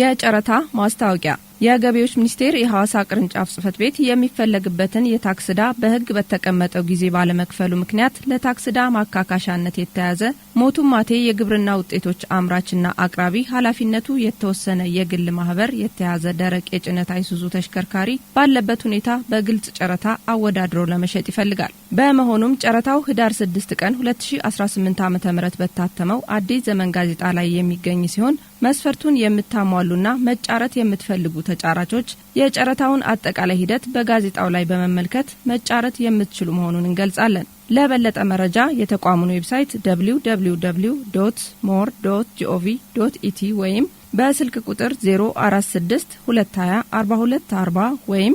የጨረታ ማስታወቂያ የገቢዎች ሚኒስቴር የሐዋሳ ቅርንጫፍ ጽህፈት ቤት የሚፈለግበትን የታክስ ዕዳ በሕግ በተቀመጠው ጊዜ ባለመክፈሉ ምክንያት ለታክስ ዕዳ ማካካሻነት የተያዘ ሞቱማቴ የግብርና ውጤቶች አምራችና አቅራቢ ኃላፊነቱ የተወሰነ የግል ማህበር የተያዘ ደረቅ የጭነት አይሱዙ ተሽከርካሪ ባለበት ሁኔታ በግልጽ ጨረታ አወዳድሮ ለመሸጥ ይፈልጋል። በመሆኑም ጨረታው ህዳር 6 ቀን 2018 ዓ ም በታተመው አዲስ ዘመን ጋዜጣ ላይ የሚገኝ ሲሆን መስፈርቱን የምታሟሉና መጫረት የምትፈልጉ ተጫራቾች የጨረታውን አጠቃላይ ሂደት በጋዜጣው ላይ በመመልከት መጫረት የምትችሉ መሆኑን እንገልጻለን። ለበለጠ መረጃ የተቋሙን ዌብሳይት ደብሊው ደብሊው ደብሊው ዶት ሞር ዶት ጂኦቪ ዶት ኢቲ ወይም በስልክ ቁጥር 046 220 4240 ወይም